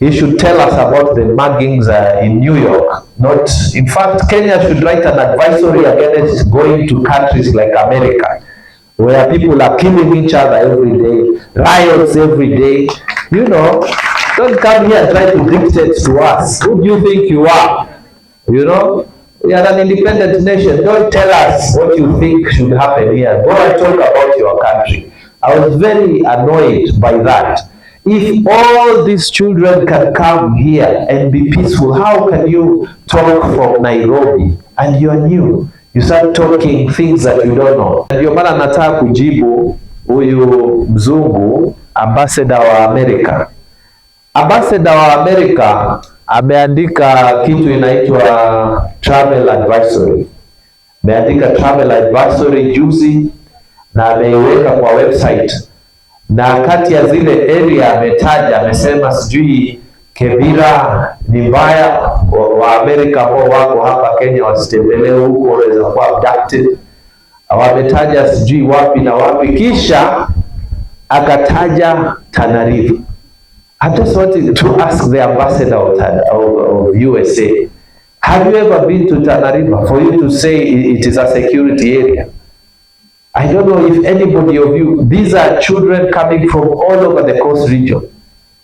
He should tell us about the muggings uh, in New York. Not, in fact, Kenya should write an advisory against going to countries like America, where people are killing each other every day, riots every day. You know, don't come here and try to dictate to us. Who do you think you are? You know, we are an independent nation. Don't tell us what you think should happen here. Go and talk about your country. I was very annoyed by that if all these children can come here and be peaceful how can you talk from Nairobi and you are new you start talking things that you don't know ndio maana nataka kujibu huyu mzungu ambassador wa Amerika ambassador wa Amerika ameandika kitu inaitwa travel advisory ameandika travel advisory juzi na ameiweka kwa website na kati ya zile area ametaja, amesema sijui Kebira ni mbaya, wa Amerika ambao wako hapa Kenya wasitembelee huko, waweza kuwa abducted. Wametaja sijui wapi na wapi, kisha akataja Tana River. I just wanted to ask the ambassador of, of, of USA, have you ever been to Tana River for you to say it is a security area? I don't know if anybody of you, these are children coming from all over the coast region.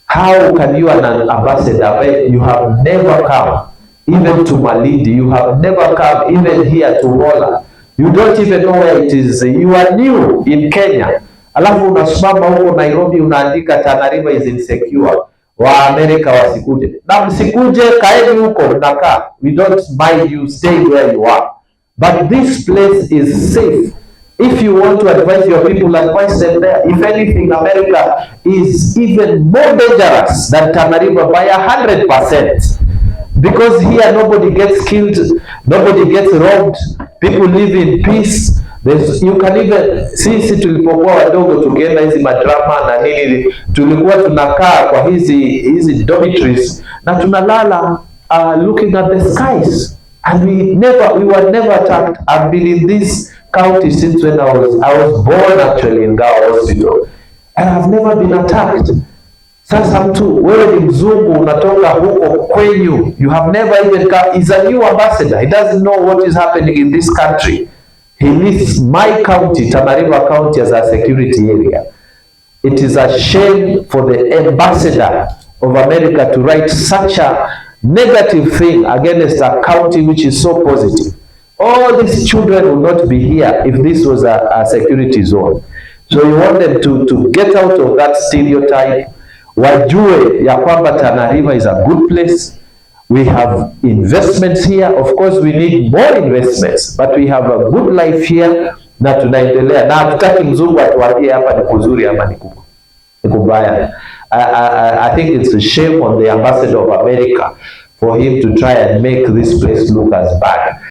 How can you an ambassador when you have never come even to Malindi, you have never come even here to Wola. You don't even know where it is. You are new in Kenya. Alafu unasimama huko Nairobi unaandika Tana River is insecure. Wa Amerika wasikuje. Na msikuje, kaeni huko mnakaa. We don't mind you, stay where you are. But this place is safe. If you want to advise your people, advise them there. If anything, America is even more dangerous than Tanariva by a hundred percent. Because here nobody gets killed, nobody gets robbed, people live in peace. There's, you can even sisi tulipokuwa wadogo tukienda hizi madrama na nini, tulikuwa tunakaa kwa hizi hizi dormitories na tunalala uh, looking at the skies and we never we were never attacked I've been in this county since when I was, I was born actually in Gao Hospital and I've never been attacked. Sasa mtu wewe ni mzungu unatoka huko kwenyu, you have never even come. He's a new ambassador, he doesn't know what is happening in this country. He lists my county, Tamariva County, as a security area. It is a shame for the ambassador of America to write such a negative thing against a county which is so positive all these children would not be here if this was a, a security zone. So you want them to, to get out of that stereotype, wajue ya kwamba Tana River is a good place. We have investments here. Of course, we need more investments, but we have a good life here na tunaendelea, na hatutaki mzungu atuambie hapa ni kuzuri ama ni kubaya. I, I, I think it's a shame on the ambassador of America for him to try and make this place look as bad.